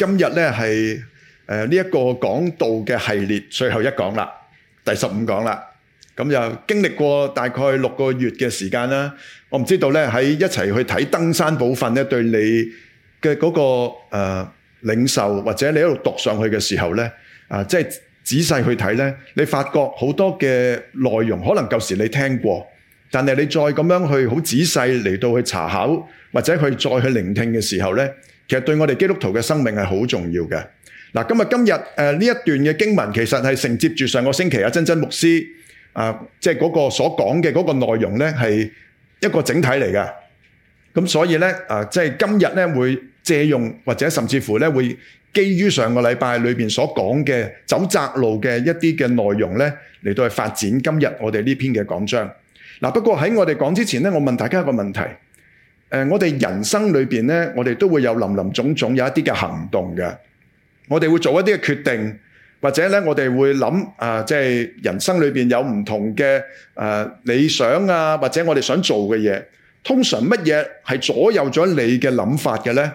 今日咧係誒呢一個講道嘅系列最後一講啦，第十五講啦。咁就經歷過大概六個月嘅時間啦。我唔知道咧喺一齊去睇登山部分咧，對你嘅嗰個誒領受或者你一路讀上去嘅時候咧，啊，即係仔細去睇咧，你發覺好多嘅內容可能舊時你聽過，但係你再咁樣去好仔細嚟到去查考或者去再去聆聽嘅時候咧。其實對我哋基督徒嘅生命係好重要嘅。嗱，今日今日誒呢一段嘅經文，其實係承接住上個星期阿真真牧師啊，即係嗰個所講嘅嗰個內容咧，係一個整體嚟嘅。咁所以咧啊，即係今日咧會借用或者甚至乎咧會基於上個禮拜裏面所講嘅走窄路嘅一啲嘅內容咧嚟到去發展今日我哋呢篇嘅講章。嗱，不過喺我哋講之前咧，我問大家一個問題。誒、呃，我哋人生裏邊咧，我哋都會有林林總總，有一啲嘅行動嘅。我哋會做一啲嘅決定，或者咧，我哋會諗啊，即、呃、係、就是、人生裏邊有唔同嘅誒、呃、理想啊，或者我哋想做嘅嘢。通常乜嘢係左右咗你嘅諗法嘅咧？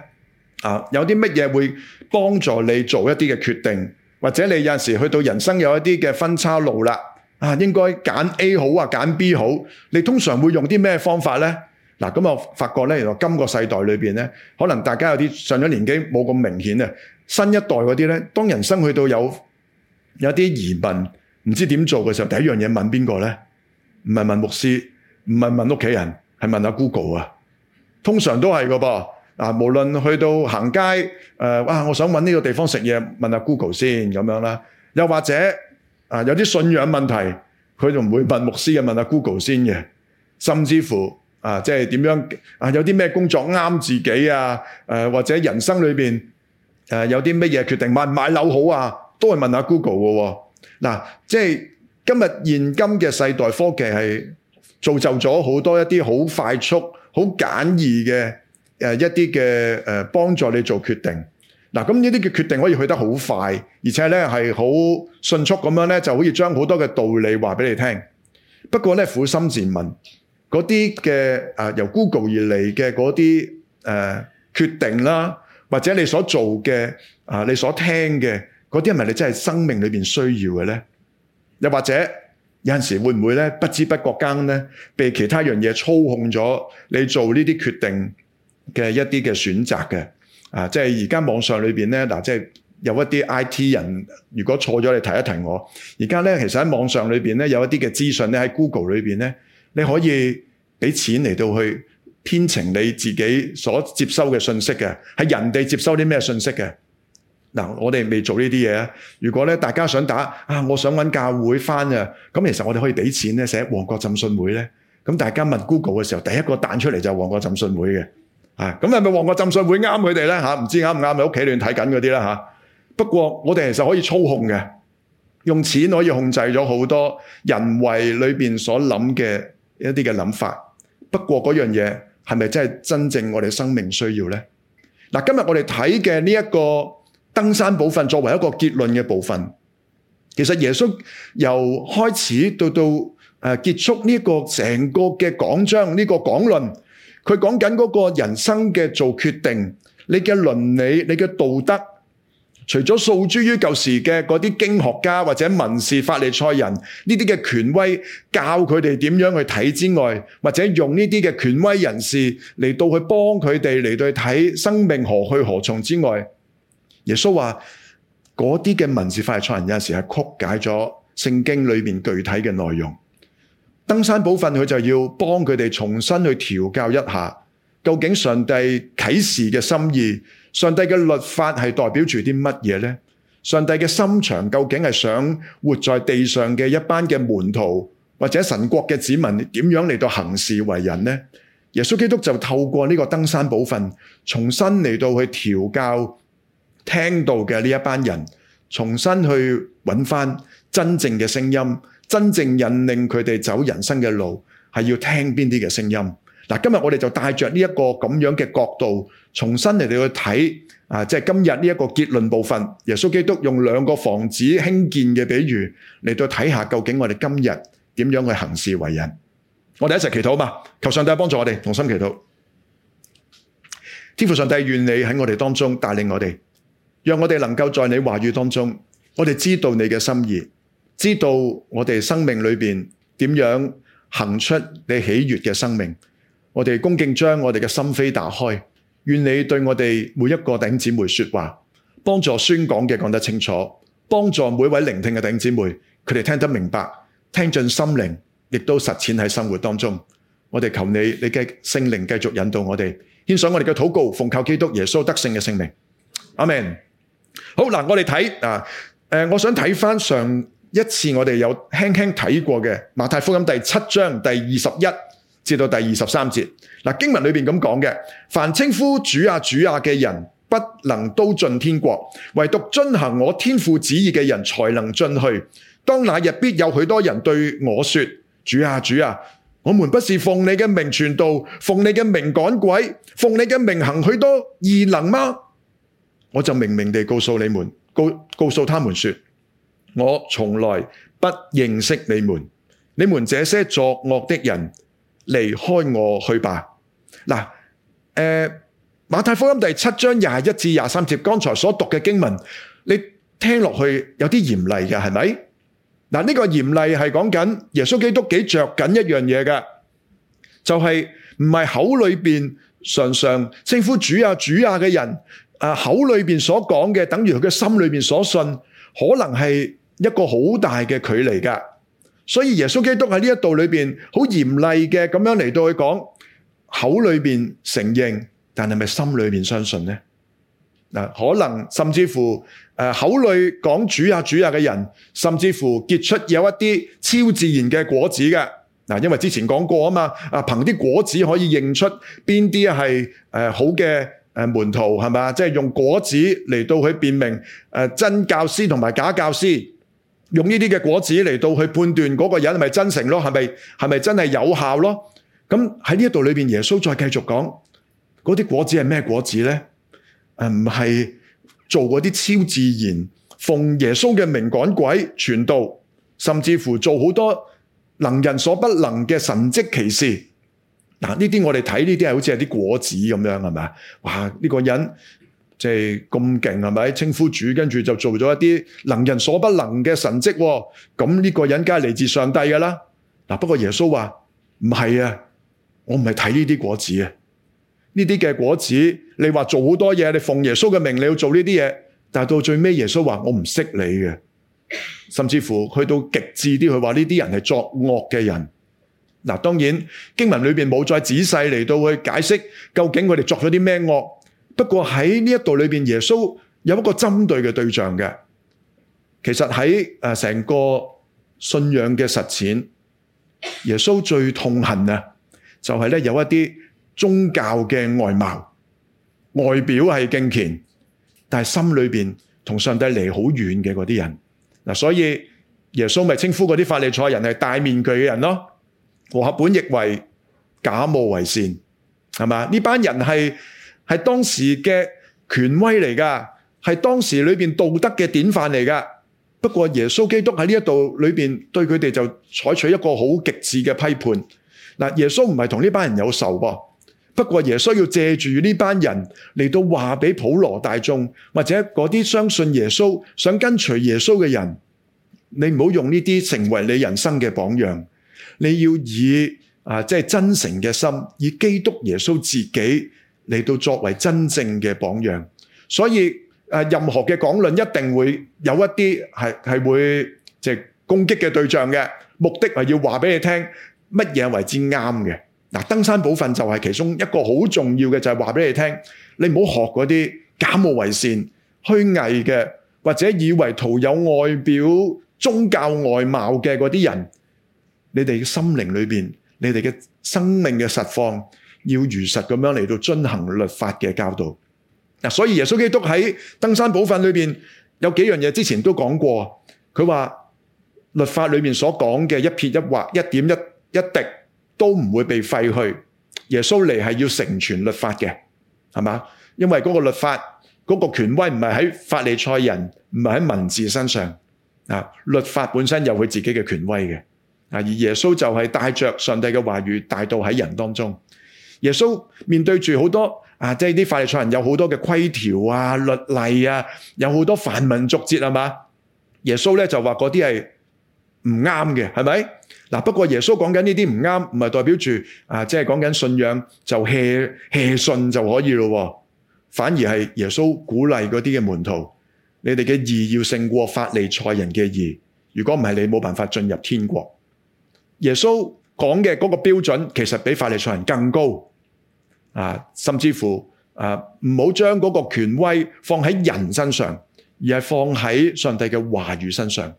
啊，有啲乜嘢會幫助你做一啲嘅決定，或者你有陣時去到人生有一啲嘅分叉路啦，啊，應該揀 A 好啊，揀 B 好，你通常會用啲咩方法咧？嗱咁我發覺呢，原來今個世代裏面呢，可能大家有啲上咗年紀冇咁明顯啊。新一代嗰啲呢，當人生去到有有啲疑問，唔知點做嘅時候，第一樣嘢問邊個呢？唔係問牧師，唔係問屋企人，係問阿 Google 啊。通常都係噶噃啊，無論去到行街，誒、呃、哇，我想揾呢個地方食嘢，問阿 Google 先咁樣啦。又或者、呃、有啲信仰問題，佢就唔會問牧師嘅，問阿 Google 先嘅，甚至乎。啊，即係點樣啊？有啲咩工作啱自己啊，啊？或者人生裏面誒、啊、有啲乜嘢決定買買樓好啊？都係問下 Google 嘅喎、啊。嗱、啊，即係今日現今嘅世代科技係造就咗好多一啲好快速、好簡易嘅、啊、一啲嘅誒幫助你做決定。嗱、啊，咁呢啲嘅決定可以去得好快，而且咧係好迅速咁樣咧，就可以將好多嘅道理話俾你聽。不過咧，苦心自問。嗰啲嘅啊，由 Google 而嚟嘅嗰啲誒決定啦，或者你所做嘅啊，你所聽嘅嗰啲，係咪你真係生命裏邊需要嘅咧？又或者有陣時會唔會咧，不知不覺間咧，被其他樣嘢操控咗你做呢啲決定嘅一啲嘅選擇嘅啊？即係而家網上裏邊咧，嗱、啊，即係有一啲 IT 人，如果錯咗，你提一提我。而家咧，其實喺網上裏邊咧，有一啲嘅資訊咧喺 Google 裏邊咧。你可以俾錢嚟到去編程你自己所接收嘅信息嘅，係人哋接收啲咩信息嘅？嗱，我哋未做呢啲嘢。如果咧大家想打啊，我想揾教會返呀。咁其實我哋可以俾錢呢，寫旺角浸信會呢。咁大家問 Google 嘅時候，第一個彈出嚟就係旺角浸信會嘅。啊，咁係咪旺角浸信會啱佢哋咧？嚇，唔知啱唔啱？喺屋企亂睇緊嗰啲啦。不過我哋其實可以操控嘅，用錢可以控制咗好多人為裏面所諗嘅。一啲嘅諗法，不過嗰樣嘢係咪真係真正我哋生命需要咧？嗱，今日我哋睇嘅呢一個登山部分，作為一個結論嘅部分，其實耶穌由開始到到誒結束呢個成個嘅講章，呢個講論，佢講緊嗰個人生嘅做決定，你嘅倫理，你嘅道德。除咗訴諸於舊時嘅嗰啲經學家或者文士、法利賽人呢啲嘅權威教佢哋點樣去睇之外，或者用呢啲嘅權威人士嚟到去幫佢哋嚟到睇生命何去何從之外，耶穌話嗰啲嘅文士、法利賽人有陣時係曲解咗聖經裏面具體嘅內容。登山寶訓佢就要幫佢哋重新去調教一下，究竟上帝啟示嘅心意。上帝嘅律法係代表住啲乜嘢咧？上帝嘅心腸究竟係想活在地上嘅一班嘅門徒或者神國嘅子民點樣嚟到行事為人咧？耶穌基督就透過呢個登山寶訓重新嚟到去調教聽到嘅呢一班人，重新去揾翻真正嘅聲音，真正引領佢哋走人生嘅路，係要聽邊啲嘅聲音。今日我哋就帶着呢一個咁樣嘅角度，重新嚟到去睇啊！即係今日呢一個結論部分，耶穌基督用兩個房子興建嘅比喻嚟到睇下，來看看究竟我哋今日點樣去行事為人。我哋一齊祈禱嘛，求上帝幫助我哋同心祈禱。天父上帝，願你喺我哋當中帶領我哋，讓我哋能夠在你話語當中，我哋知道你嘅心意，知道我哋生命裏面點樣行出你喜悅嘅生命。我哋恭敬將我哋嘅心扉打開，願你對我哋每一個弟兄姊妹說話，幫助宣講嘅講得清楚，幫助每位聆聽嘅弟兄姊妹，佢哋聽得明白，聽進心靈，亦都實踐喺生活當中。我哋求你，你嘅聖靈繼續引導我哋，獻上我哋嘅禱告，奉靠基督耶穌得勝嘅聖名。阿們。好嗱，我哋睇啊，誒，我想睇返上一次我哋有輕輕睇過嘅馬太福音第七章第二十一，至到第二十三節，嗱，經文裏邊咁講嘅，凡稱呼主啊主啊嘅人，不能都進天國，唯獨遵行我天父旨意嘅人才能進去。當那日必有許多人對我說：主啊主啊，我們不是奉你嘅名傳道，奉你嘅名趕鬼，奉你嘅名行許多異能嗎？我就明明地告訴你們，告，告訴他們說，我從來不認識你們，你們這些作惡的人。離開我去吧。呃，馬太福音第七章廿一至廿三節剛才所讀的經文，你聽落去有啲嚴厲的，係咪？呃，呢個嚴厲係講緊耶穌基督幾着緊一樣嘢嘅。就係，唔係口裏面，常常，稱呼主啊主啊嘅人，口裏面所講嘅，等於佢嘅心裏面所信，可能係一個好大嘅距離㗎。所以耶穌基督喺呢度裡面好嚴厲嘅咁樣嚟到去講，口裡面承認，但係咪心裡面相信呢？可能甚至乎口裡講主啊主啊嘅人，甚至乎結出有一啲超自然嘅果子嘅。因為之前講過嘛，啊憑啲果子可以認出邊啲係好嘅門徒係嘛，即係、就是、用果子嚟到去辨明真教師同埋假教師。用呢啲嘅果子嚟到去判斷嗰個人係咪真誠咯？係咪係咪真係有效咯？咁喺呢一度裏邊，耶穌再繼續講嗰啲果子係咩果子咧？唔、嗯、係做嗰啲超自然奉耶穌嘅名趕鬼傳道，甚至乎做好多能人所不能嘅神蹟奇事嗱，呢啲我哋睇呢啲係好似係啲果子咁樣，係咪？哇呢、呢個人！即係咁勁係咪？稱呼主，跟住就做咗一啲能人所不能嘅神蹟喎。咁呢個人梗係嚟自上帝㗎啦。不過耶穌話唔係啊，我唔係睇呢啲果子啊。呢啲嘅果子，你話做好多嘢，你奉耶穌嘅名，你要做呢啲嘢，但到最屘，耶穌話我唔識你嘅，甚至乎去到極致啲，佢話呢啲人係作惡嘅人。嗱，當然經文裏面冇再仔細嚟到去解釋，究竟佢哋作咗啲咩惡。不過喺呢一度裏邊，耶穌有一個針對嘅對象嘅。其實喺誒成個信仰嘅實踐，耶穌最痛恨啊，就係咧有一啲宗教嘅外貌，外表係敬虔，但係心裏邊同上帝離好遠嘅嗰啲人嗱。所以耶穌咪稱呼嗰啲法利賽人係戴面具嘅人咯。和合本譯為假冒為善是，係嘛？呢班人係係當時嘅權威嚟噶，係當時裏邊道德嘅典範嚟噶。不過耶穌基督喺呢一度裏邊對佢哋就採取一個好極致嘅批判。嗱，耶穌唔係同呢班人有仇噃，不過耶穌要借住呢班人嚟到話俾普羅大眾或者嗰啲相信耶穌想跟隨耶穌嘅人，你唔好用呢啲成為你人生嘅榜樣。你要以啊即係真誠嘅心，以基督耶穌自己。嚟到作為真正嘅榜樣，所以誒任何嘅講論一定會有一啲係係會即係攻擊嘅對象嘅，目的係要話俾你聽乜嘢為之啱嘅。嗱，登山寶訓就係其中一個好重要嘅，就係話俾你聽，你唔好學嗰啲假冒為善、虛偽嘅，或者以為徒有外表宗教外貌嘅嗰啲人，你哋嘅心靈裏邊，你哋嘅生命嘅實況。要如實咁樣嚟到遵行律法嘅教導，嗱，所以耶穌基督喺登山寶訓裏邊有幾樣嘢之前都講過，佢話律法裏面所講嘅一撇一劃一點一一滴都唔會被廢去。耶穌嚟係要成全律法嘅，係嘛？因為嗰個律法嗰個權威唔係喺法利賽人，唔係喺文字身上啊，律法本身有佢自己嘅權威嘅啊，而耶穌就係帶着上帝嘅話語帶到喺人當中。耶穌面對住好多啊，即係啲法利賽人有好多嘅規條啊、律例啊，有好多繁文縟節啊嘛？耶穌呢就話嗰啲係唔啱嘅，係咪？不過耶穌講緊呢啲唔啱，唔係代表住啊，即係講緊信仰就棄信就可以咯。反而係耶穌鼓勵嗰啲嘅門徒，你哋嘅義要勝過法利賽人嘅義。如果唔係，你冇辦法進入天國。耶穌講嘅嗰個標準，其實比法利賽人更高。啊，甚至乎啊，唔好將嗰個權威放喺人身上，而係放喺上帝嘅話語身上，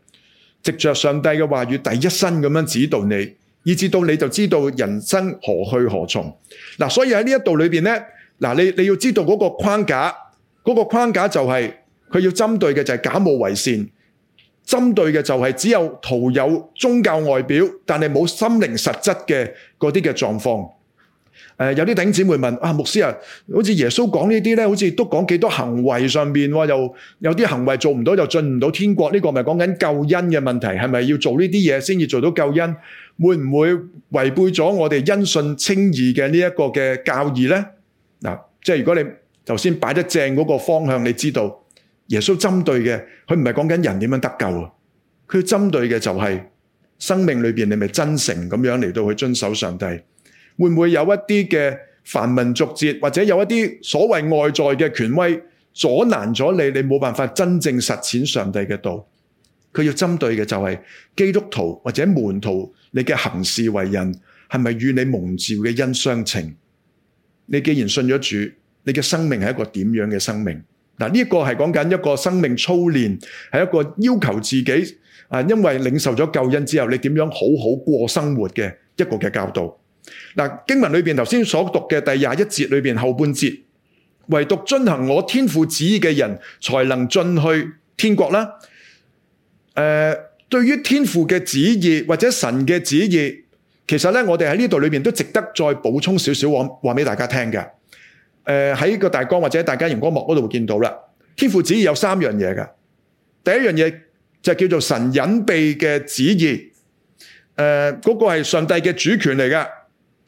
藉着上帝嘅話語，第一身咁樣指導你，以至到你就知道人生何去何從。嗱、啊，所以喺呢一度裏邊咧，嗱、啊，你你要知道嗰個框架，嗰、嗰個框架就係、是、佢要針對嘅就係假冒為善，針對嘅就係只有徒有宗教外表但係冇心靈實質嘅嗰啲嘅狀況。誒，有啲頂姊妹問啊，牧師啊，好似耶穌講呢啲咧，好似都講幾多行為上邊，又有啲行為做唔到，又進唔到天國。呢個咪講緊救恩嘅問題，係咪要做呢啲嘢先至做到救恩？會唔會違背咗我哋因信稱義嘅呢一個嘅教義咧？嗱，即係如果你頭先擺得正嗰個方向，你知道耶穌針對嘅，佢唔係講緊人點樣得救啊，佢針對嘅就係生命裏邊你咪真誠咁樣嚟到去遵守上帝，會唔會有一啲嘅繁文縟節，或者有一啲所謂外在嘅權威阻難咗你，你冇辦法真正實踐上帝嘅道？佢要針對嘅就係基督徒或者門徒，你嘅行事為人係咪與你蒙召嘅恩相稱？你既然信咗主，你嘅生命係一個點樣嘅生命？嗱，呢個係講緊一個生命操練，係一個要求自己啊，因為領受咗救恩之後，你點樣好好過生活嘅一個嘅教導。嗱，經文裏邊頭先所讀嘅第廿一節裏邊後半節，唯獨遵行我天父旨意嘅人才能進去天國啦。誒、呃，對於天父嘅旨意或者神嘅旨意，其實咧我哋喺呢度裏邊都值得再補充少少，話話俾大家聽嘅。誒喺個大綱或者大家熒光幕嗰度會見到啦。天父旨意有三樣嘢嘅，第一樣嘢就叫做神隱秘嘅旨意。誒、呃，嗰、那個係上帝嘅主權嚟嘅。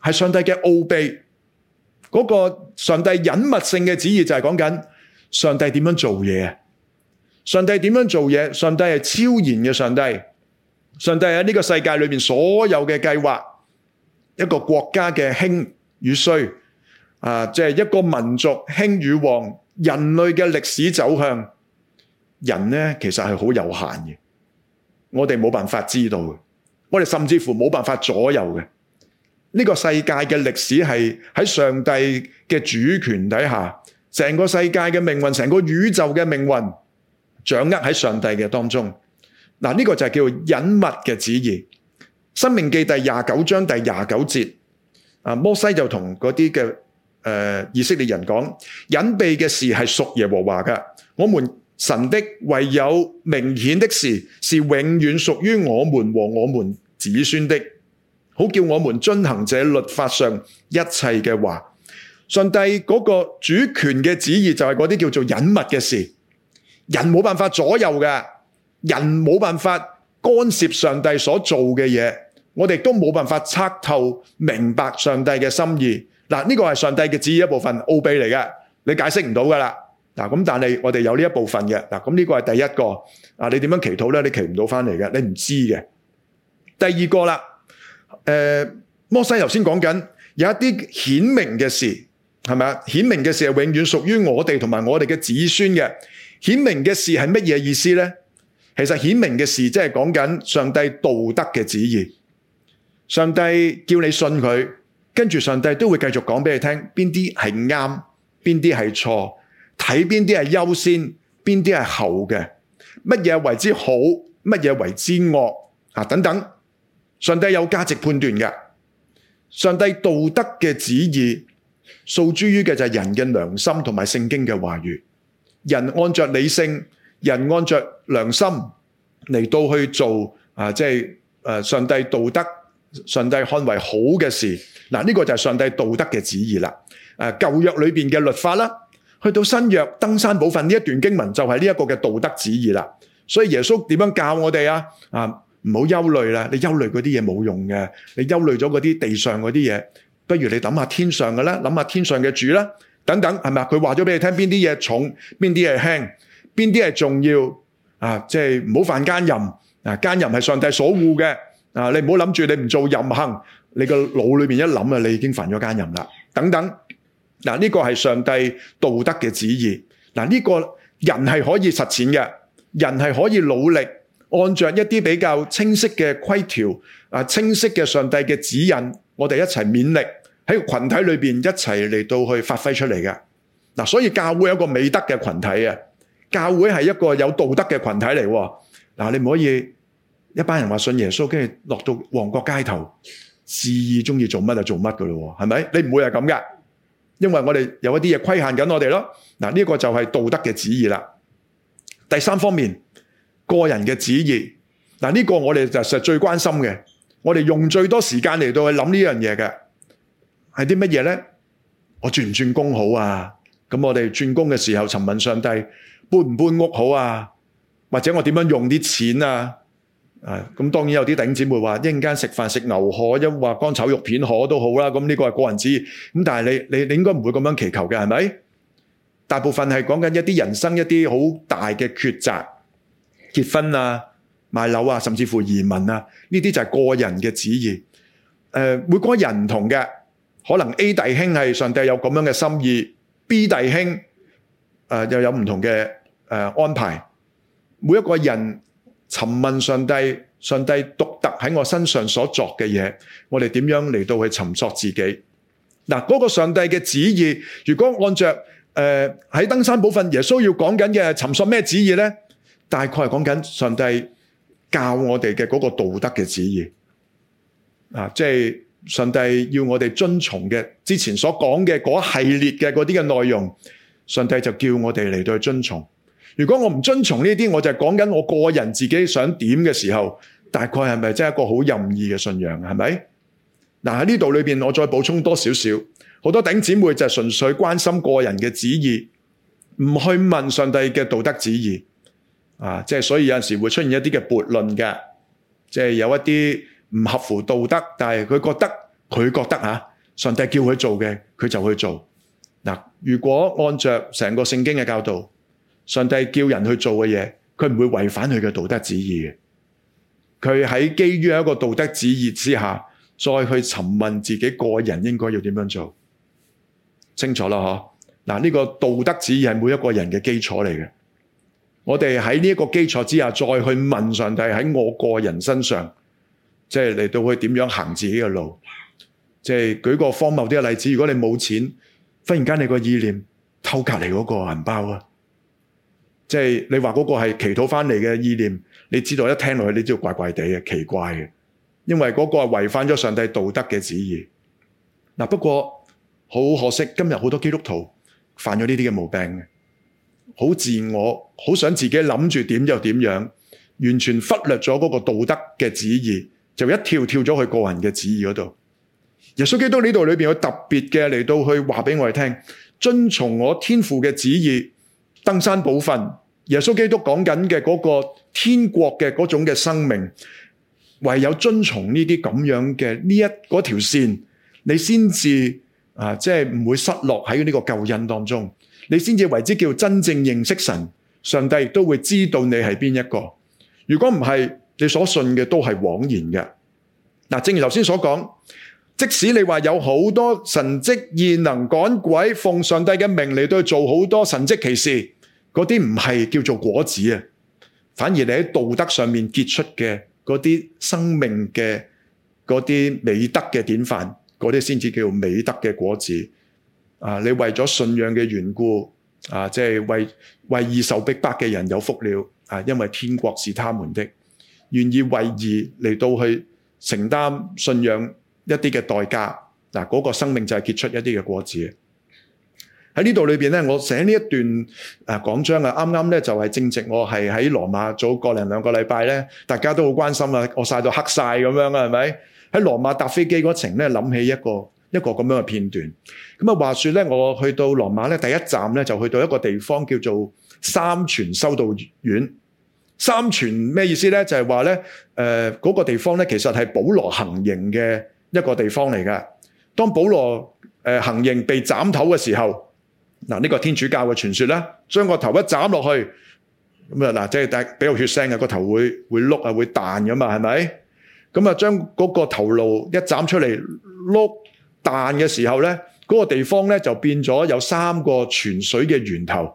係上帝嘅奧秘，嗰個上帝隱密性嘅旨意就係講緊上帝點樣做嘢，上帝點樣做嘢，上帝係超然嘅上帝，上帝喺呢個世界裏面所有嘅計劃，一個國家嘅興與衰，啊，即係一個民族興與旺，人類嘅歷史走向，人呢其實係好有限嘅，我哋冇辦法知道嘅，我哋甚至乎冇辦法左右嘅。呢、這個世界嘅歷史是喺上帝嘅主權底下，成個世界嘅命運，成個宇宙嘅命運，掌握喺上帝嘅當中。嗱，呢個就係叫做隱密嘅旨意。《申命記》第廿九章第廿九節，摩西就同嗰啲嘅誒以色列人講，隱秘嘅事是屬耶和華的我們神的，唯有明顯的事，是永遠屬於我們和我們子孫的。好叫我們遵行這律法上一切嘅話，上帝嗰個主權嘅旨意就係嗰啲叫做隱密嘅事，人冇辦法左右嘅，人冇辦法干涉上帝所做嘅嘢，我哋都冇辦法測透明白上帝嘅心意。嗱，呢個係上帝嘅旨意一部分奧秘嚟嘅，你解釋唔到噶啦。嗱，咁但係我哋有呢一部分嘅，嗱，咁呢個係第一個。啊，你點樣祈禱咧？你祈唔到翻嚟嘅，你唔知嘅。第二個啦。誒、呃，摩西頭先講緊有一啲顯明嘅事，係咪啊？顯明嘅事係永遠屬於我哋同埋我哋嘅子孫嘅。顯明嘅事係乜嘢意思咧？其實顯明嘅事即係講緊上帝道德嘅旨意。上帝叫你信佢，跟住上帝都會繼續講俾你聽邊啲係啱，邊啲係錯，睇邊啲係優先，邊啲係後嘅，乜嘢爲之好，乜嘢爲之惡啊？等等。上帝有價值判斷嘅，上帝道德嘅旨意，訴諸於嘅就係人嘅良心同埋聖經嘅話語。人按着理性，人按着良心嚟到去做啊，即係誒，上帝道德，上帝看為好嘅事。嗱、啊，呢、這個就係上帝道德嘅旨意啦。誒、啊，舊約裏邊嘅律法啦，去到新約登山寶訓呢一段經文就係呢一個嘅道德旨意啦。所以耶穌點樣教我哋啊？啊！唔好憂慮啦，你憂慮嗰啲嘢冇用嘅，你憂慮咗嗰啲地上嗰啲嘢，不如你諗下天上嘅啦，諗下天上嘅主啦，等等，係咪？佢話咗俾你聽邊啲嘢重，邊啲嘢輕，邊啲係重要啊？即係唔好犯奸淫啊！奸淫係上帝所惡嘅啊！你唔好諗住你唔做淫行，你個腦裏邊一諗啊，你已經犯咗奸淫啦。等等，嗱呢個係上帝道德嘅旨意，嗱呢個人係可以實踐嘅，人係可以努力。按照一啲比較清晰嘅規條啊，清晰嘅上帝嘅指引，我哋一齊勉力喺個群體裏面一齊嚟到去發揮出嚟嘅。嗱，所以教會有個美德嘅群體啊，教會係一個有道德嘅群體嚟喎。嗱，你唔可以一班人話信耶穌，跟住落到旺角街頭，肆意中意做乜就做乜噶咯，係咪？你唔會係咁噶，因為我哋有一啲嘢規限緊我哋咯。嗱，呢個就係道德嘅旨意啦。第三方面。個人嘅旨意，嗱，呢個我哋就實最關心嘅，我哋用最多時間嚟到去諗呢樣嘢嘅。結婚啊、買樓啊，甚至乎移民啊，呢啲就係個人嘅旨意。誒、呃，每個人唔同嘅，可能 A 弟兄係上帝有咁樣嘅心意，B 弟兄、呃、又有唔同嘅誒、呃、安排。每一個人尋問上帝，上帝獨特喺我身上所作嘅嘢，我哋點樣嚟到去尋索自己？嗱、呃，嗰、那個上帝嘅旨意，如果按着誒喺登山寶訓，耶穌要講緊嘅尋索咩旨意呢？大概係講緊上帝教我哋嘅嗰個道德嘅旨意，啊，即係上帝要我哋遵從嘅之前所講嘅嗰系列嘅嗰啲嘅內容，上帝就叫我哋嚟到去遵從。如果我唔遵從呢啲，我就係講緊我個人自己想點嘅時候，大概係咪真係一個好任意嘅信仰？係咪？嗱喺呢度裏邊，我再補充多少少，好多頂姊妹就係純粹關心個人嘅旨意，唔去問上帝嘅道德旨意。啊，即係所以有陣時會出現一啲嘅悖論嘅。即係有一啲唔合乎道德，但係佢覺得佢覺得啊，上帝叫佢做嘅，佢就去做。嗱，如果按着成個聖經嘅教導，上帝叫人去做嘅嘢，佢唔會違反佢嘅道德旨意嘅。佢喺基於一個道德旨意之下，再去尋問自己個人應該要點樣做。清楚啦，嗬？嗱，呢個道德旨意係每一個人嘅基礎嚟嘅。我哋喺呢一個基礎之下，再去問上帝喺我個人身上，即係嚟到去點樣行自己嘅路。即係舉個荒謬啲嘅例子，如果你冇錢，忽然間你個意念偷隔籬嗰個銀包啊！即係你話嗰個係祈禱翻嚟嘅意念，你知道一聽落去，你知道怪怪地嘅，奇怪嘅，因為嗰個係違反咗上帝道德嘅旨意。嗱，不過好可惜，今日好多基督徒犯咗呢啲嘅毛病嘅。好自我，好想自己諗住點就點樣，完全忽略咗嗰個道德嘅旨意，就一跳跳咗去個人嘅旨意嗰度。耶穌基督呢度裏邊有特別嘅嚟到去，話俾我哋聽，遵從我天父嘅旨意，登山寶訓。耶穌基督講緊嘅嗰個天國嘅嗰種嘅生命，唯有遵從呢啲咁樣嘅呢一嗰條線，你先至啊，即係唔會失落喺呢個舊印當中。你先至為之叫真正認識神，上帝亦都會知道你係邊一個。如果唔係，你所信嘅都係枉然嘅。正如頭先所講，即使你話有好多神蹟異能趕鬼奉上帝嘅命令都去做好多神蹟奇事，嗰啲唔係叫做果子呀，反而你喺道德上面結出嘅嗰啲生命嘅嗰啲美德嘅典範，嗰啲先至叫美德嘅果子。啊！你為咗信仰嘅緣故，啊，即係為為義受逼迫嘅人有福了啊！因為天國是他們的，願意為義嚟到去承擔信仰一啲嘅代價。嗱、啊，嗰、嗰個生命就係結出一啲嘅果子。喺呢度裏面，咧，我寫呢一段誒講章啊，啱啱咧就係正值我係喺羅馬做個零兩個禮拜咧，大家都好關心啊，我晒到黑晒咁樣啊，係咪？喺羅馬搭飛機嗰程咧，諗起一個。一個咁樣嘅片段。咁啊，話説咧，我去到羅馬咧，第一站咧就去到一個地方叫做三泉修道院。三泉咩意思咧？就係話咧，誒、呃、嗰、那個地方咧其實係保羅行刑嘅一個地方嚟㗎。當保羅、呃、行刑被斬頭嘅時候，嗱、呃、呢、這個天主教嘅傳説啦，將個頭一斬落去，咁啊嗱，即係大比較血腥嘅、那個頭會會碌啊會彈噶嘛，係咪？咁啊將嗰個頭顱一斬出嚟碌。彈嘅時候咧，嗰個地方咧就變咗有三個泉水嘅源頭。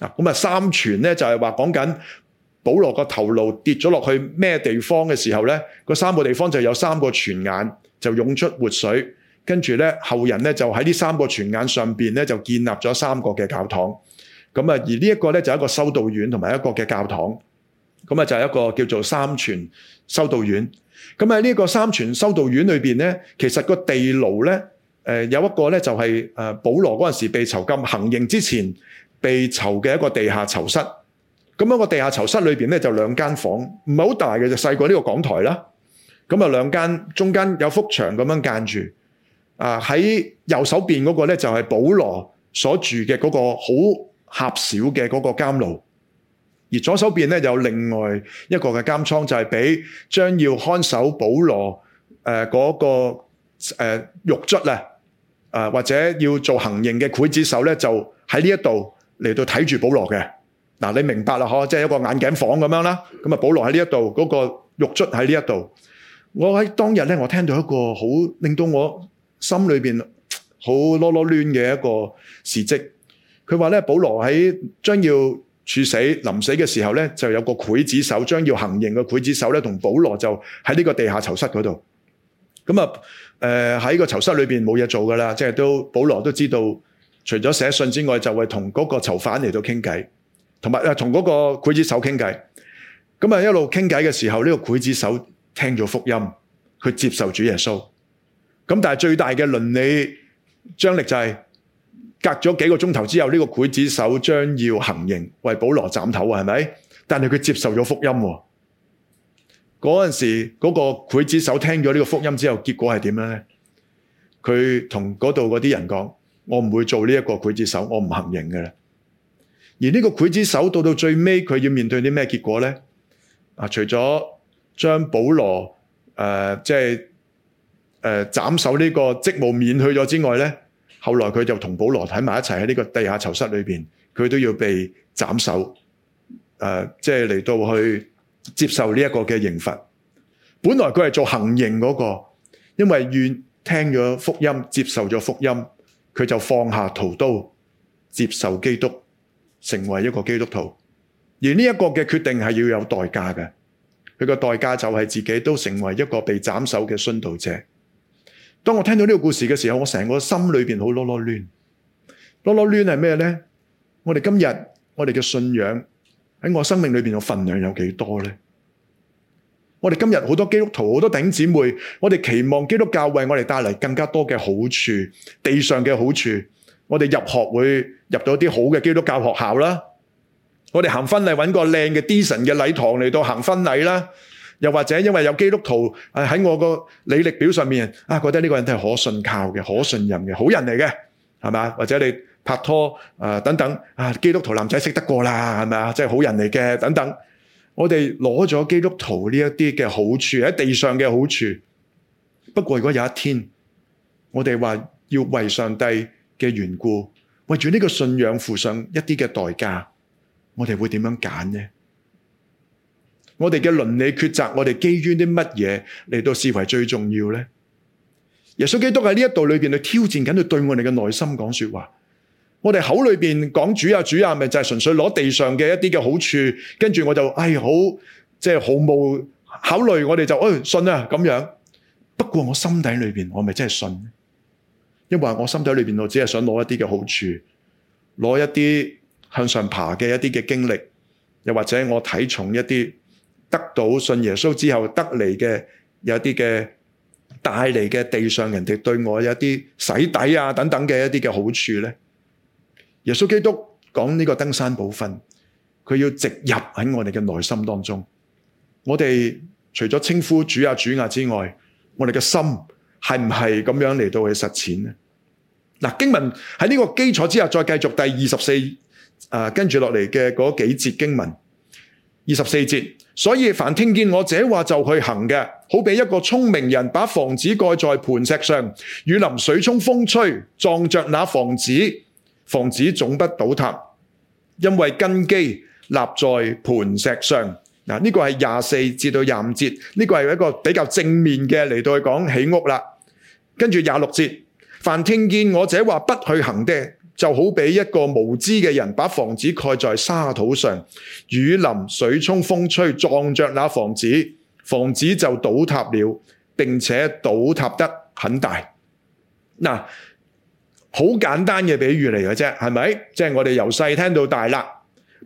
嗱，咁啊三泉咧就係話講緊保羅個頭顱跌咗落去咩地方嘅時候咧，嗰三個地方就有三個泉眼就湧出活水，跟住咧後人咧就喺呢三個泉眼上面咧就建立咗三個嘅教堂。咁啊，而呢一個咧就係一個修道院同埋一個嘅教堂。咁啊就係一個叫做三泉修道院。咁喺呢個三泉修道院裏邊咧，其實個地牢咧，誒、呃、有一個咧就係、是、誒保羅嗰陣時被囚禁、行刑之前被囚嘅一個地下囚室。咁、那、喺個地下囚室裏邊咧，就兩間房，唔係好大嘅，小就細過呢個講台啦。咁啊兩間中間有幅牆咁樣間住。啊、呃、喺右手邊嗰個咧就係、是、保羅所住嘅嗰個好狹小嘅嗰個監牢。而左手邊呢，有另外一個處死，臨死嘅時候呢，就有個劊子手，將要行刑嘅劊子手呢，同保羅就，喺呢個地下囚室嗰度。咁，呃，喺一個囚室裏面冇嘢做㗎啦，即係都，保羅都知道，除咗寫信之外，就會同嗰個囚犯嚟到傾偈。同埋，同嗰個劊子手傾偈。咁，一路傾偈嘅時候，呢個劊子手，聽咗福音，去接受主耶穌。咁，但係最大嘅倫理、張力就係，隔咗幾個鐘頭之後，呢個劊子手將要行刑，為保羅斬頭啊，係咪？但係佢接受咗福音。嗰陣時，嗰個劊子手聽咗呢個福音之後，結果係點樣呢？佢同嗰度嗰啲人講：我唔會做呢一個劊子手，我唔行刑㗎喇。而呢個劊子手到到最尾，佢要面對啲咩結果呢？啊，除咗將保羅誒，即係誒斬首呢個職務免去咗之外呢。後來佢就同保羅喺埋一齊喺呢個地下囚室裏邊，佢都要被斬首，誒、呃，即係嚟到去接受呢一個嘅刑罰。本來佢係做行刑嗰，那個，因為願聽咗福音、接受咗福音，佢就放下屠刀，接受基督，成為一個基督徒。而呢一個嘅決定係要有代價嘅，佢個代價就係自己都成為一個被斬首嘅殉道者。當我聽到呢個故事嘅時候，我成個心裏邊好囉囉攣，囉囉攣係咩呢？我哋今日我哋嘅信仰喺我生命裏邊嘅份量有幾多呢？我哋今日好多基督徒，好多弟兄姊妹，我哋期望基督教為我哋帶嚟更加多嘅好處，地上嘅好處。我哋入學會入到啲好嘅基督教學校啦，我哋行婚禮揾個靚嘅 decent 嘅禮堂嚟到行婚禮啦。又或者因為有基督徒喺我個履歷表上面啊，覺得呢個人係可信靠嘅、可信任嘅好人嚟嘅，係嘛？或者你拍拖啊、呃、等等啊，基督徒男仔識得過啦，係咪？即係好人嚟嘅等等。我哋攞咗基督徒呢一啲嘅好處喺地上嘅好處。不過如果有一天我哋話要為上帝嘅緣故，為住呢個信仰付上一啲嘅代價，我哋會點樣揀呢？我哋嘅倫理抉擇，我哋基於啲乜嘢嚟到視為最重要咧？耶穌基督喺呢一度裏邊，去挑戰緊，佢對我哋嘅內心講說話。我哋口裏邊講主啊，主啊，咪就係純粹攞地上嘅一啲嘅好處，跟住我就哎好，即係毫無考慮，我哋就誒、哎、信啊咁樣。不過我心底裏邊，我咪真係信，因為我心底裏邊我只係想攞一啲嘅好處，攞一啲向上爬嘅一啲嘅經歷，又或者我睇重一啲。得到信耶穌之後得嚟嘅有啲嘅帶嚟嘅地上人哋對我有啲洗底啊等等嘅一啲嘅好處呢。耶穌基督講呢個登山寶訓，佢要植入喺我哋嘅內心當中。我哋除咗稱呼主啊，主啊之外，我哋嘅心係唔係咁樣嚟到去實踐呢？嗱，經文喺呢個基礎之下，再繼續第二十四啊，跟住落嚟嘅嗰幾節經文。二十四節，所以凡聽見我這話就去行嘅，好比一個聰明人把房子蓋在磐石上，雨淋、水沖、風吹，撞着那房子，房子總不倒塌，因為根基立在磐石上。呢、這個係廿四節到廿五節，呢、這個係一個比較正面嘅嚟到講起屋啦。跟住廿六節，凡聽見我這話不去行嘅。就好比一個無知嘅人，把房子蓋在沙土上，雨淋、水沖、風吹，撞着那房子，房子就倒塌了，並且倒塌得很大。嗱，好簡單嘅比喻嚟嘅啫，係咪？即係我哋由細聽到大啦。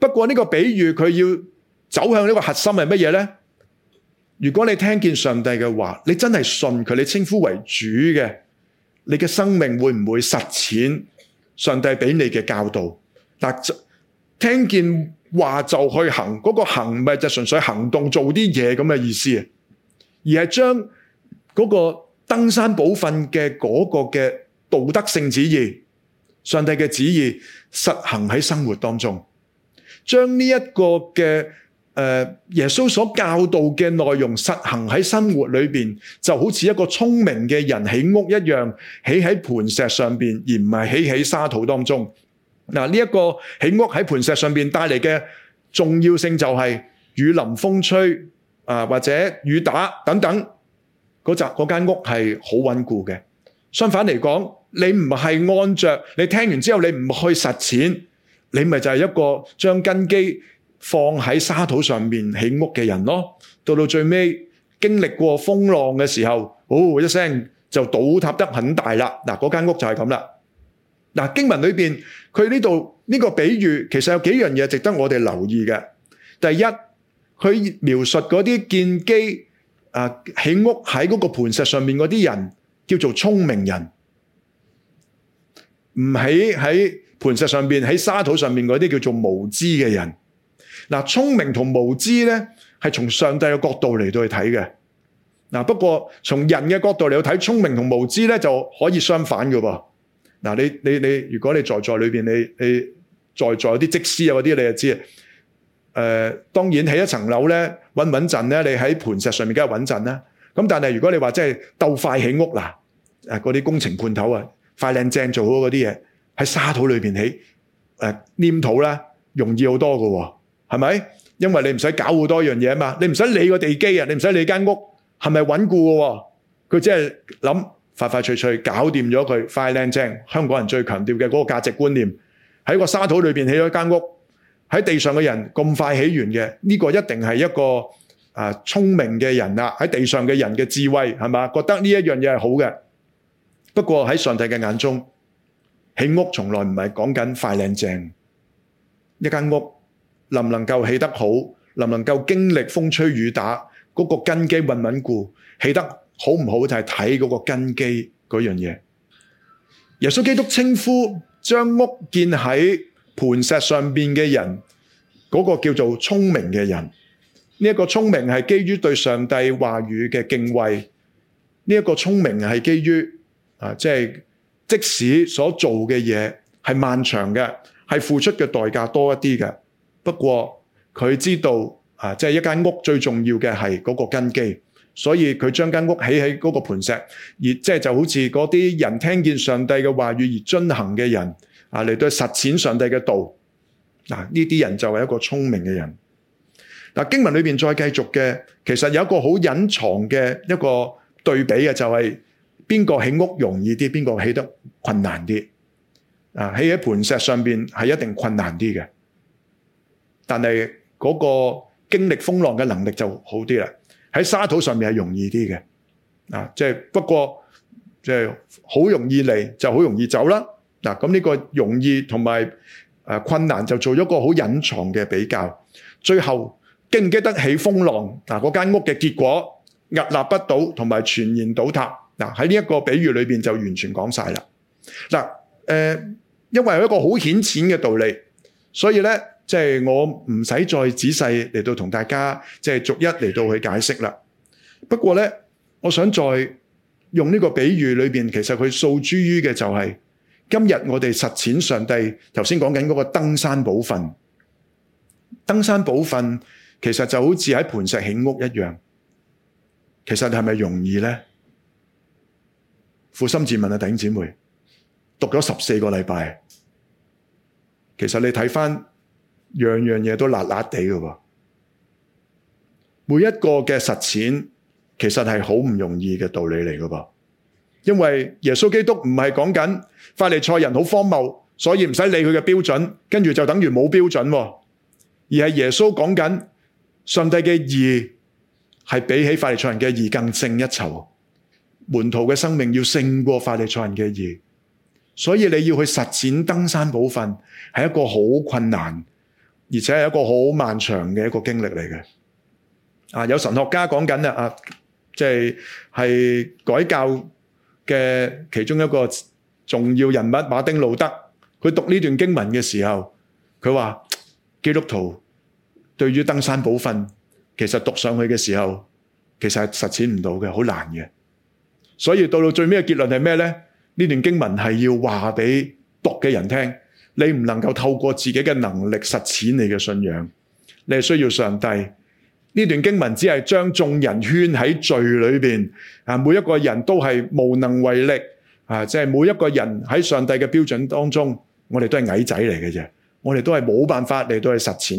不過呢個比喻，佢要走向呢個核心係乜嘢呢？如果你聽見上帝嘅話，你真係信佢，你稱呼為主嘅，你嘅生命會唔會實踐？上帝俾你嘅教導，嗱，聽見話就去行嗰、嗰個行咪就純粹行動做啲嘢咁嘅意思啊？而係將嗰個登山寶訓嘅嗰個嘅道德性旨意，上帝嘅旨意實行喺生活當中，將呢一個嘅。Uh, 耶穌所教導嘅內容實行喺生活裏面，就好似一個聰明嘅人起屋一樣，起喺盤石上面，而唔係起喺沙土當中。嗱、啊，呢、這、一個起屋喺盤石上面帶嚟嘅重要性就係雨淋風吹啊，或者雨打等等，嗰嗰間屋係好穩固嘅。相反嚟講，你唔係按着，你聽完之後你唔去實踐，你咪就係一個將根基。放喺沙土上面起屋嘅人咯，到到最尾經歷過風浪嘅時候，哦一聲就倒塌得很大啦！嗱，嗰間屋就係咁啦。嗱，經文裏邊佢呢度呢個比喻其實有幾樣嘢值得我哋留意嘅。第一，佢描述嗰啲建基啊起屋喺嗰個磐石上面嗰啲人叫做聰明人，唔喺喺磐石上面，喺沙土上面嗰啲叫做無知嘅人。嗱，聰明同無知咧，係從上帝嘅角度嚟到去睇嘅。嗱，不過從人嘅角度嚟到睇聰明同無知咧，就可以相反嘅噃。嗱，你你你，如果你在座裏邊，你你在座有啲則師啊嗰啲，你就知誒、呃。當然起一層樓咧，穩唔穩陣咧？你喺磐石上面梗係穩陣啦。咁但係如果你話真係鬥快起屋嗱，誒嗰啲工程判頭啊，快靚正做好嗰啲嘢，喺沙土裏邊起誒黏土咧，容易好多嘅喎。係咪？因為你唔使搞好多樣嘢啊嘛，你唔使理個地基啊，你唔使理間屋係咪穩固嘅？佢只係諗快快脆脆搞掂咗佢，快靚正。香港人最強調嘅嗰個價值觀念，喺個沙土裏邊起咗間屋，喺地上嘅人咁快起完嘅呢個一定係一個啊聰明嘅人啦。喺地上嘅人嘅智慧係咪？覺得呢一樣嘢係好嘅。不過喺上帝嘅眼中，起屋從來唔係講緊快靚正，一間屋。能唔能夠起得好，能唔能夠經歷風吹雨打，嗰個根基穩穩固，起得好唔好就係睇嗰個根基，嗰樣嘢。耶穌基督稱呼，將屋建喺磐石上面嘅人，嗰個叫做聰明嘅人。呢個聰明係基於對上帝話語嘅敬畏。呢個聰明係基於，啊，即係，即使所做嘅嘢，係漫長嘅，係付出嘅代價多一啲嘅。不過佢知道啊，即係一間屋最重要嘅係嗰個根基，所以佢將間屋起喺嗰個磐石，而即係就好似嗰啲人聽見上帝嘅話語而遵行嘅人啊，嚟到實踐上帝嘅道嗱，呢啲人就係一個聰明嘅人嗱。經文裏面再繼續嘅，其實有一個好隱藏嘅一個對比嘅，就係邊個起屋容易啲，邊個起得困難啲啊？起喺磐石上邊係一定困難啲嘅。但係嗰個經歷風浪嘅能力就好啲啦，喺沙土上面係容易啲嘅，嗱即係不過即係好容易嚟，就好容易走啦。嗱咁呢個容易同埋誒困難就做咗個好隱藏嘅比較。最後經唔經得起風浪，嗱嗰間屋嘅結果屹立不倒同埋全然倒塌。嗱喺呢一個比喻裏邊就完全講晒啦。嗱誒，因為有一個好顯淺嘅道理，所以咧，即係我唔使再仔細嚟到，同大家即係逐一嚟到去解釋啦。不過呢，我想再用呢個比喻裏邊，其實佢訴諸於嘅就係今日我哋實踐上帝頭先講緊嗰個登山寶訓。登山寶訓其實就好似喺磐石起屋一樣。其實係咪容易呢？撫心自問啊，弟兄姐妹讀咗十四個禮拜，其實你睇返。樣樣嘢都辣辣地㗎喎，每一個嘅實踐其實係好唔容易嘅道理嚟㗎噃。因為耶穌基督唔係講緊法利賽人好荒謬，所以唔使理佢嘅標準，跟住就等於冇標準。而係耶穌講緊上帝嘅義係比起法利賽人嘅義更勝一籌，門徒嘅生命要勝過法利賽人嘅義。所以你要去實踐登山寶訓係一個好困難。而且係一個好漫長嘅一個經歷嚟嘅，啊！有神學家講緊啊，啊，即係係改教嘅其中一個重要人物馬丁路德，佢讀呢段經文嘅時候，佢話基督徒對於登山寶訓，其實讀上去嘅時候，其實實踐唔到嘅，好難嘅。所以到到最尾嘅結論係咩呢？呢段經文係要話俾讀嘅人聽。你唔能夠透過自己嘅能力實踐你嘅信仰，你係需要上帝。呢段經文只係將眾人圈喺罪裏面，啊，每一個人都係無能為力啊，即係每一個人喺上帝嘅標準當中，我哋都係矮仔嚟嘅啫，我哋都係冇辦法嚟到去實踐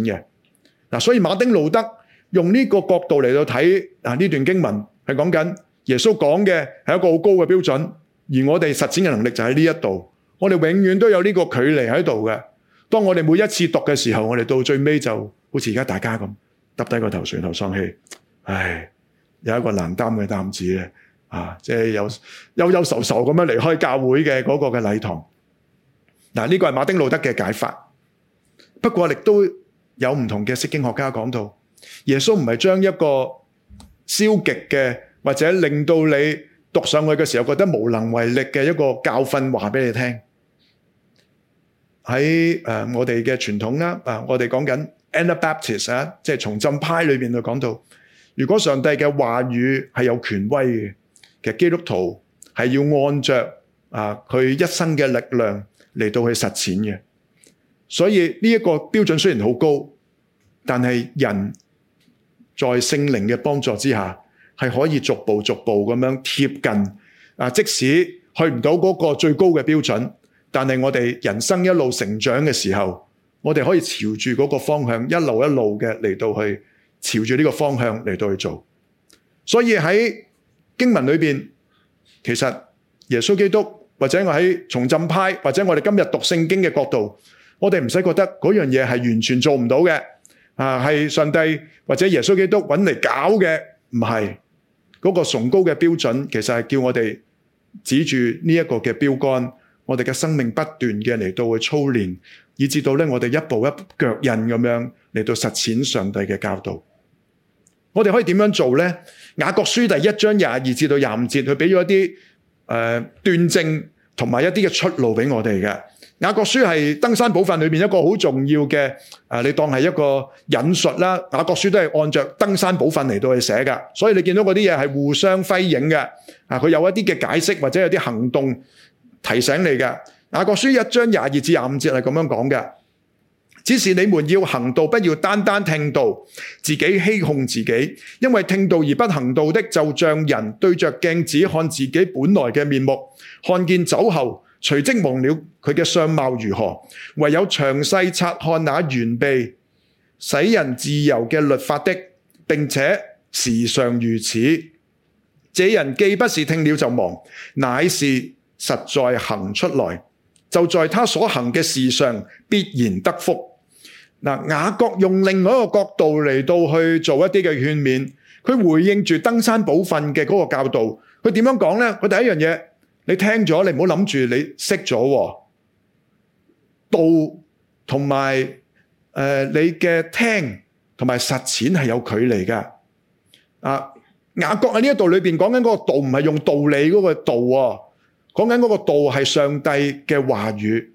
嘅。所以馬丁路德用呢個角度嚟到睇啊，呢段經文係講緊耶穌講嘅係一個好高嘅標準，而我哋實踐嘅能力就喺呢一度。我哋永遠都有呢個距離喺度嘅。當我哋每一次讀嘅時候，我哋到最尾就好似而家大家咁，耷低個頭，垂頭喪氣，唉，有一個難擔嘅擔子咧，啊，即係有憂憂愁愁咁樣離開教會嘅嗰個嘅禮堂。嗱、啊，呢、這個係馬丁路德嘅解法，不過亦都有唔同嘅釋經學家講到，耶穌唔係將一個消極嘅或者令到你讀上去嘅時候覺得無能為力嘅一個教訓話俾你聽。喺誒我哋嘅傳統啦，啊，我哋講緊 Anabaptist 啊，即係重浸派裏面去講到，如果上帝嘅話語係有權威嘅，其實基督徒係要按着啊佢一生嘅力量嚟到去實踐嘅。所以呢一個標準雖然好高，但係人在聖靈嘅幫助之下係可以逐步逐步咁樣貼近啊，即使去唔到嗰個最高嘅標準。但是我哋人生一路成長嘅時候，我哋可以朝住嗰個方向一路一路嘅嚟到去，朝住呢個方向嚟到去做。所以喺經文裏面，其實耶穌基督或者我喺重浸派，或者我哋今日讀聖經嘅角度，我哋唔使覺得嗰樣嘢係完全做唔到嘅。啊，係上帝或者耶穌基督揾嚟搞嘅，唔係。嗰、嗰個崇高嘅標準，其實係叫我哋指住呢一個嘅標杆。我哋嘅生命不斷嘅嚟到去操練，以至到咧我哋一步一腳印咁樣嚟到實踐上帝嘅教導。我哋可以點樣做咧？雅各書第一章廿二至到廿五節，佢俾咗一啲誒、呃、斷證同埋一啲嘅出路俾我哋嘅。雅各書係登山寶訓裏面一個好重要嘅，啊，你當係一個引述啦。雅各書都係按着登山寶訓嚟到去寫㗎。所以你見到嗰啲嘢係互相輝映嘅。啊，佢有一啲嘅解釋或者有啲行動。提醒你嘅。雅各書一章廿二至廿五節係咁樣講嘅，只是你們要行道，不要單單聽道，自己欺哄自己。因為聽道而不行道的，就像人對着鏡子看自己本來嘅面目，看見走後，隨即忘了佢嘅相貌如何。唯有詳細察看那原備使人自由嘅律法的，並且時常如此。這人既不是聽了就忘，乃是。實在行出來，就在他所行嘅事上必然得福。嗱，雅各用另外一個角度嚟到去做一啲嘅勸勉，佢回應住登山寶訓嘅嗰個教導，佢點樣講呢？佢第一樣嘢，你聽咗，你唔好諗住你識咗道，同埋誒你嘅聽同埋實踐係有距離嘅。啊，雅各喺呢一度裏邊講緊嗰個道，唔係用道理嗰個道啊。講緊嗰個道係上帝嘅話語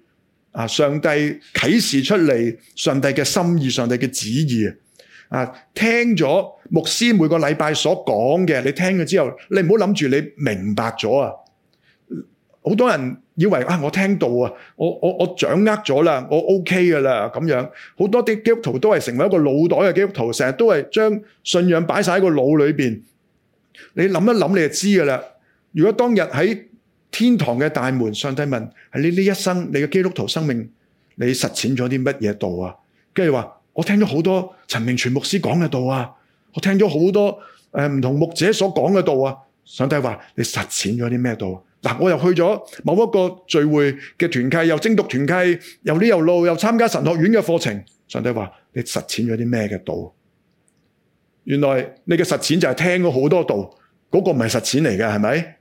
啊！上帝啟示出嚟，上帝嘅心意，上帝嘅旨意啊！聽咗牧師每個禮拜所講嘅，你聽咗之後，你唔好諗住你明白咗啊！好多人以為啊，我聽到啊，我我我掌握咗啦，我 OK 噶啦，咁樣。好多啲基督徒都係成為一個腦袋嘅基督徒，成日都係將信仰擺晒喺個腦裏邊。你諗一諗，你就知噶啦。如果當日喺天堂嘅大門，上帝問：係你呢一生，你嘅基督徒生命，你實踐咗啲乜嘢道啊？跟住話：我聽咗好多陳明泉牧師講嘅道啊，我聽咗好多、呃、唔同牧者所講嘅道啊。上帝話：你實踐咗啲咩道？嗱，我又去咗某一個聚會嘅團契，又精讀團契，又呢又路，又參加神學院嘅課程。上帝話：你實踐咗啲咩嘅道？原來你嘅實踐就係聽咗好多道，嗰個唔係實踐嚟嘅，係咪？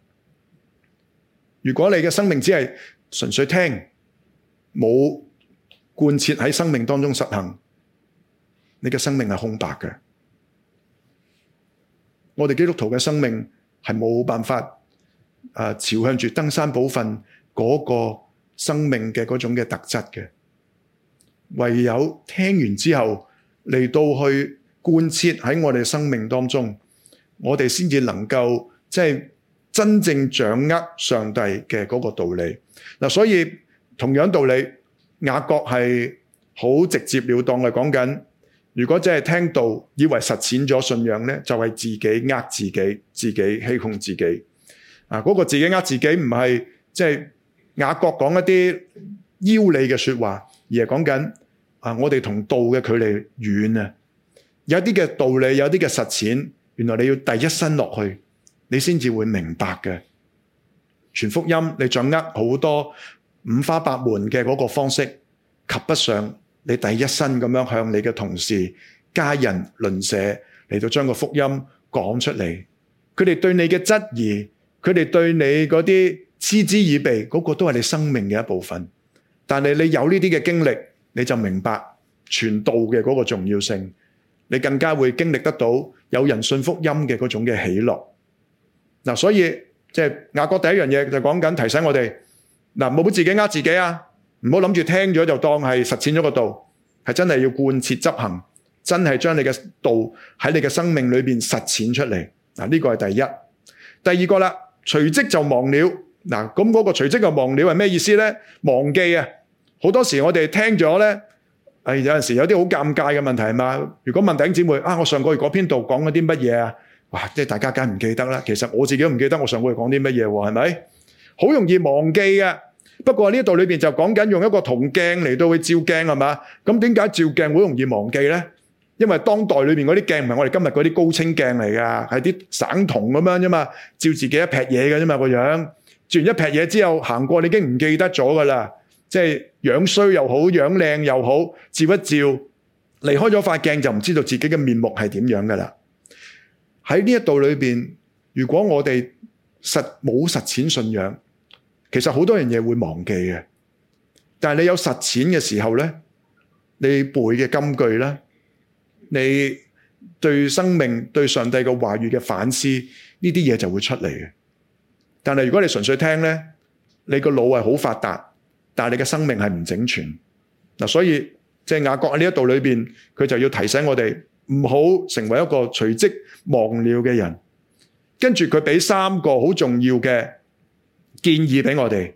如果你嘅生命只係純粹聽，冇貫徹喺生命當中實行，你嘅生命係空白嘅。我哋基督徒嘅生命係冇辦法啊朝向住登山寶訓嗰個生命嘅嗰種嘅特質嘅，唯有聽完之後嚟，到去貫徹喺我哋生命當中，我哋先至能夠即係。真正掌握上帝嘅嗰個道理嗱，啊，所以同樣道理，雅各係好直接了當嘅講緊，如果真係聽到以為實踐咗信仰咧，就係、是、自己呃自己，自己欺哄自己啊！嗰個自己呃自己唔係即係雅各講一啲要你嘅說話，而係講緊啊，我哋同道嘅距離遠啊，有啲嘅道理，有啲嘅實踐，原來你要第一身落去。你先至會明白嘅。傳福音，你掌握好多五花八門嘅嗰個方式，及不上你第一身咁樣向你嘅同事、家人、鄰舍嚟，到將個福音講出嚟。佢哋對你嘅質疑，佢哋對你嗰啲嗤之以鼻，嗰個都係你生命嘅一部分。但係你有呢啲嘅經歷，你就明白傳道嘅嗰個重要性。你更加會經歷得到有人信福音嘅嗰種嘅喜樂。嗱、啊，所以即係、就是、雅各第一樣嘢就講緊提醒我哋，嗱、啊，唔好自己呃自己啊，唔好諗住聽咗就當係實踐咗個道。係真係要貫徹執行，真係將你嘅道喺你嘅生命裏面實踐出嚟。嗱、啊，呢、這個係第一，第二個啦，隨即就忘了。嗱、啊，咁嗰個隨即就忘了係咩意思呢？忘記啊，好多時我哋聽咗呢、哎，有陣時有啲好尷尬嘅問題嘛。如果問弟兄姊妹啊，我上個月嗰篇道講咗啲乜嘢啊？哇！即係大家梗唔記得啦。其實我自己都唔記得我上回講啲乜嘢喎，係咪？好容易忘記嘅。不過呢度裏面就講緊用一個銅鏡嚟到去照鏡係嘛？咁點解照鏡好容易忘記呢？因為當代裏面嗰啲鏡唔係我哋今日嗰啲高清鏡嚟㗎，係啲省銅咁樣啫嘛。照自己一撇嘢㗎啫嘛個樣。照完一撇嘢之後行過，你已經唔記得咗㗎啦。即係樣衰又好，樣靚又好，好，照一照，離開咗塊鏡就唔知道自己嘅面目係點樣㗎啦。喺呢一度裏邊，如果我哋實冇實踐信仰，其實好多樣嘢會忘記嘅。但係你有實踐嘅時候呢，你背嘅金句啦，你對生命、對上帝嘅話語嘅反思，呢啲嘢就會出嚟嘅。但係如果你純粹聽呢，你個腦係好發達，但係你嘅生命係唔整全嗱。所以，即係雅各喺呢一度裏邊，佢就要提醒我哋。唔好成為一個隨即忘了嘅人，跟住佢俾三個好重要嘅建議俾我哋。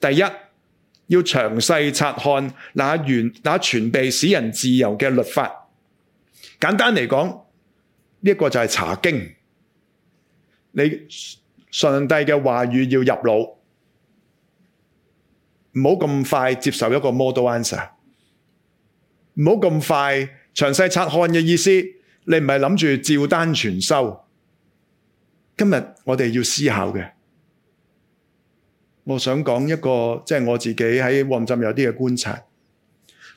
第一，要詳細察看那原那全備使人自由嘅律法。簡單嚟講，呢、這個就係查經。你上帝嘅話語要入腦，唔好咁快接受一個 model answer，唔好咁快。詳細察看嘅意思，你唔係諗住照單全收。今日我哋要思考嘅，我想講一個，即係我自己喺旺浸有啲嘅觀察。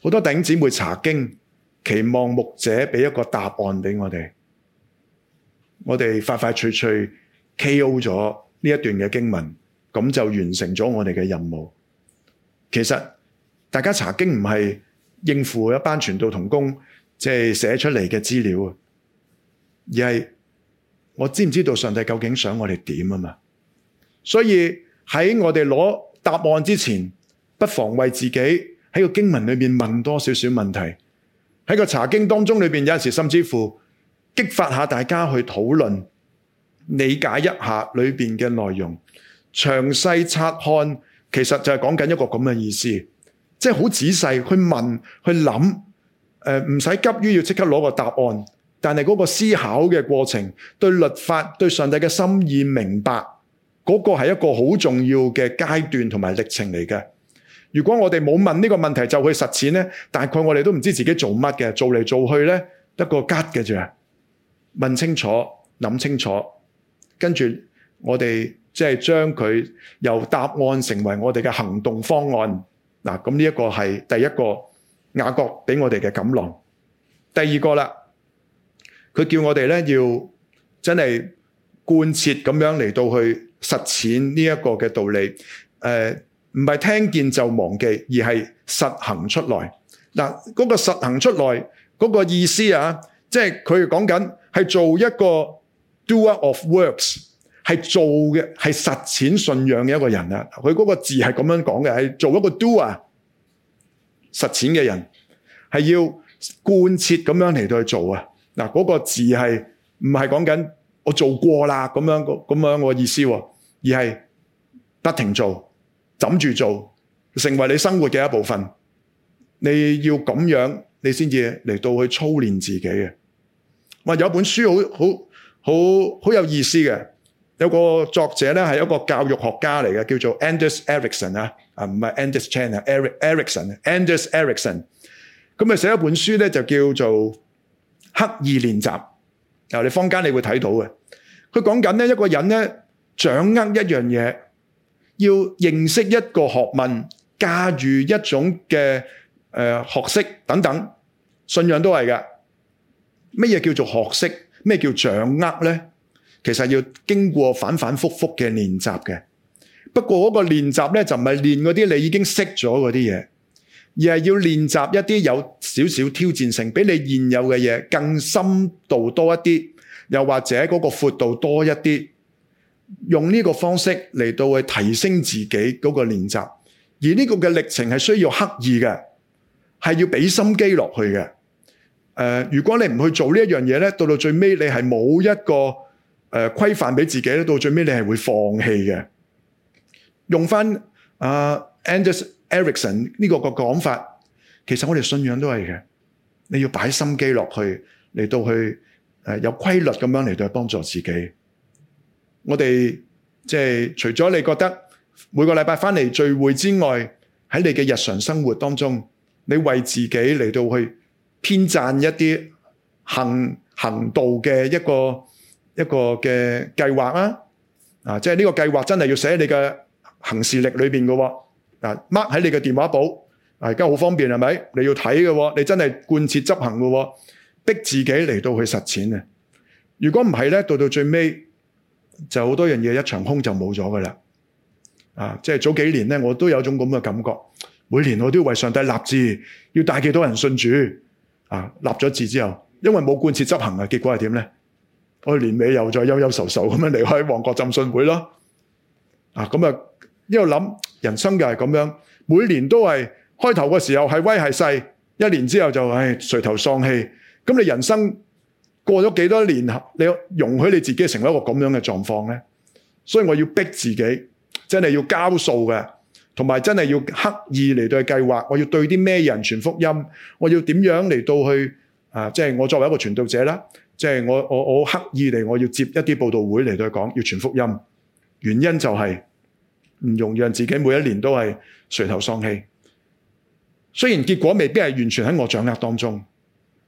好多弟兄姊妹查經，期望牧者俾一個答案俾我哋。我哋快快脆脆 K.O. 咗呢一段嘅經文，咁就完成咗我哋嘅任務。其實大家查經唔係應付一班傳道同工。即係寫出嚟嘅資料啊，而係我知唔知道上帝究竟想我哋點啊嘛？所以喺我哋攞答案之前，不妨為自己喺個經文裏面問多少少問題，喺個查經當中裏邊有時甚至乎激發下大家去討論、理解一下裏邊嘅內容。詳細察看，其實就係講緊一個咁嘅意思，即係好仔細去問、去諗。誒、呃，唔使急於要即刻攞個答案，但係嗰個思考嘅過程，對律法、對上帝嘅心意明白，嗰、嗰個係一個好重要嘅階段同埋歷程嚟嘅。如果我哋冇問呢個問題就去實踐咧，大概我哋都唔知自己做乜嘅，做嚟做去咧得個吉嘅啫。問清楚，諗清楚，跟住我哋即係將佢由答案成為我哋嘅行動方案。嗱，咁呢一個係第一個。雅各俾我哋嘅感浪，第二個啦，佢叫我哋咧要真係貫徹咁樣嚟到去實踐呢一個嘅道理。誒、呃，唔係聽見就忘記，而係實行出來。嗱，嗰個實行出來嗰、那個意思啊，即係佢講緊係做一個 doer of works，係做嘅，係實踐信仰嘅一個人啊。佢嗰個字係咁樣講嘅，係做一個 doer。實踐嘅人係要貫徹咁樣嚟去做啊！嗱，嗰個字係唔係講緊「我做過啦」咁樣個咁樣嘅意思喎，而係不停做、枕住做，成為你生活嘅一部分。你要咁樣，你先至嚟到去操練自己嘅。哇！有本書好好好有意思嘅。有個作者咧，係一個教育學家嚟嘅，叫做 Anders Ericsson 啊，啊唔係 Anders Chan 啊 Eric Ericsson，Anders Ericsson 咁啊，寫一本書咧就叫做刻意練習，啊你坊間你會睇到嘅。佢講緊呢一個人咧，掌握一樣嘢，要認識一個學問，駕馭一種嘅誒學識等等，信仰都係嘅。乜嘢叫做學識？咩叫掌握咧？其實要經過反反復復嘅練習嘅，不過嗰個練習咧就唔係練嗰啲你已經識咗嗰啲嘢，而係要練習一啲有少少挑戰性，比你現有嘅嘢更深度多一啲，又或者嗰個闊度多一啲，用呢個方式嚟到去提升自己嗰個練習。而呢個嘅歷程係需要刻意嘅，係要俾心機落去嘅。誒，如果你唔去做呢一樣嘢咧，到到最尾你係冇一個。誒、啊，規範俾自己咧，到最尾你係會放棄嘅。用翻阿、啊、Anders Ericsson 呢個個講法，其實我哋信仰都係嘅。你要擺心機落去嚟到去誒、啊，有規律咁樣嚟到去幫助自己。我哋即係除咗你覺得每個禮拜翻嚟聚會之外，喺你嘅日常生活當中，你為自己嚟到去編撰一啲行行道嘅一個一個嘅計劃啊，啊，即係呢個計劃真係要寫你嘅行事曆裏邊嘅，啊，mark 喺你嘅電話簿，啊，而家好方便係咪？你要睇嘅，你真係貫徹執行嘅，逼自己嚟到去實踐啊！如果唔係咧，到到最尾就好多樣嘢一場空就冇咗噶啦，啊，即係早幾年咧，我都有種咁嘅感覺，每年我都要為上帝立志，要帶幾多人信主，啊，立咗志之後，因為冇貫徹執行啊，結果係點咧？我去年尾又再憂憂愁愁咁樣離開旺角浸信會啦，啊咁啊，一路諗人生就係咁樣，每年都係開頭嘅時候係威係勢，一年之後就係垂頭喪氣。咁你人生過咗幾多年，你容許你自己成為一個咁樣嘅狀況呢？所以我要逼自己，真係要交數嘅，同埋真係要刻意嚟到去計劃，我要對啲咩人傳福音，我要點樣嚟到去啊？即係我作為一個傳道者啦。即係我我我刻意地我要接一啲布道會嚟到講，要傳福音，原因就係唔容讓自己每一年都係垂頭喪氣。雖然結果未必係完全喺我掌握當中，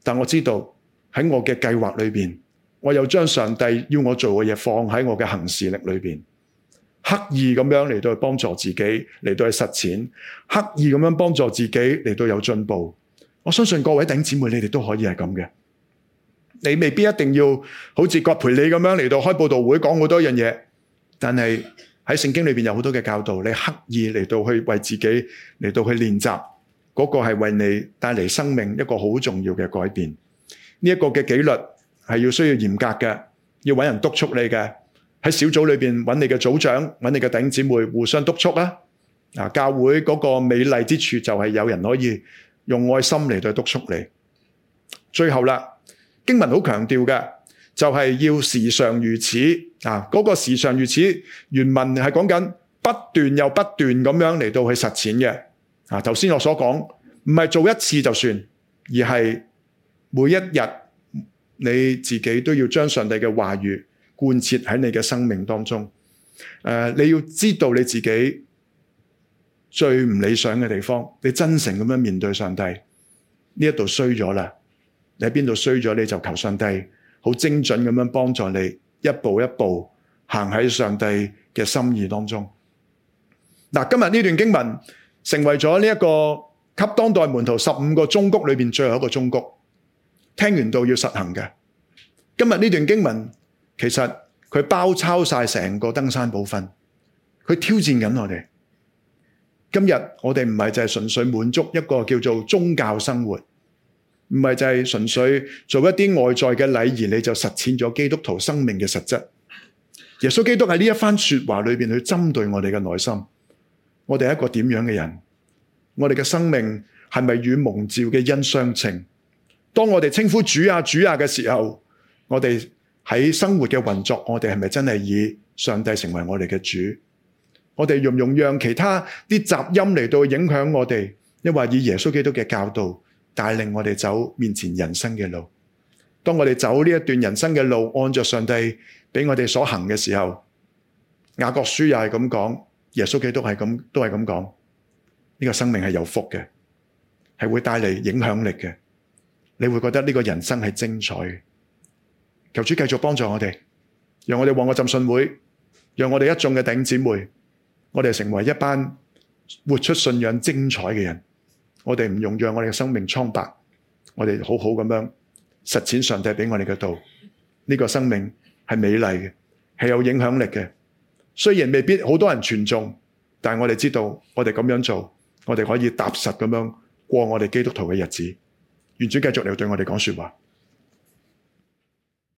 但我知道喺我嘅計劃裏邊，我又將上帝要我做嘅嘢放喺我嘅行事曆裏邊，刻意咁樣嚟到去幫助自己，嚟到去實踐，刻意咁樣幫助自己嚟到有進步。我相信各位頂姊妹你哋都可以係咁嘅。你未必一定要好似我陪你咁樣嚟到開布道會講好多樣嘢，但係喺聖經裏邊有好多嘅教導，你刻意嚟到去為自己嚟到去練習，嗰個係為你帶嚟生命一個好重要嘅改變。呢一個嘅紀律係要需要嚴格嘅，要搵人督促你嘅。喺小組裏邊搵你嘅組長，搵你嘅弟兄姊妹互相督促啊！啊，教會嗰個美麗之處就係有人可以用愛心嚟到督促你。最後啦。經文好強調嘅，就係要時常如此啊！嗰個時常如此，原文係講緊不斷又不斷咁樣嚟到去實踐嘅啊！頭先我所講，唔係做一次就算，而係每一日你自己都要將上帝嘅話語貫徹喺你嘅生命當中。誒，你要知道你自己最唔理想嘅地方，你真誠咁樣面對上帝，呢一度衰咗啦。你邊度衰咗，你就求上帝好精準咁樣幫助你一步一步行喺上帝嘅心意當中。嗱，今日呢段經文成為咗呢一個給當代門徒十五個忠告裏面最後一個忠告，聽完到要實行嘅。今日呢段經文其實佢包抄晒成個登山寶訓，佢挑戰緊我哋。今日我哋唔係淨係純粹滿足一個叫做宗教生活。唔係就係純粹做一啲外在嘅禮儀，而你就實踐咗基督徒生命嘅實質。耶穌基督喺呢一番說話裏邊去針對我哋嘅內心，我哋係一個點樣嘅人，我哋嘅生命係咪與蒙召嘅恩相稱？當我哋稱呼主啊主啊嘅時候，我哋喺生活嘅運作，我哋係咪真係以上帝成為我哋嘅主？我哋容唔容讓其他啲雜音嚟到影響我哋？抑或以耶穌基督嘅教導？帶領我哋走面前人生嘅路。當我哋走呢一段人生嘅路，按着上帝，俾我哋所行嘅時候，雅各書又係咁講，耶穌基督都係咁，都係咁講，呢個生命係有福嘅，係會帶嚟影響力嘅，你會覺得呢個人生係精彩嘅。求主繼續幫助我哋，讓我哋旺角浸信會，讓我哋一眾嘅弟兄姊妹，我哋成為一班，活出信仰精彩嘅人，我哋唔容讓我哋嘅生命蒼白，我哋好好咁樣實踐上帝俾我哋嘅道。呢個生命係美麗嘅，係有影響力嘅。雖然未必好多人傳頌，但我哋知道，我哋咁樣做，我哋可以踏實咁樣過我哋基督徒嘅日子。願主繼續嚟對我哋講說話。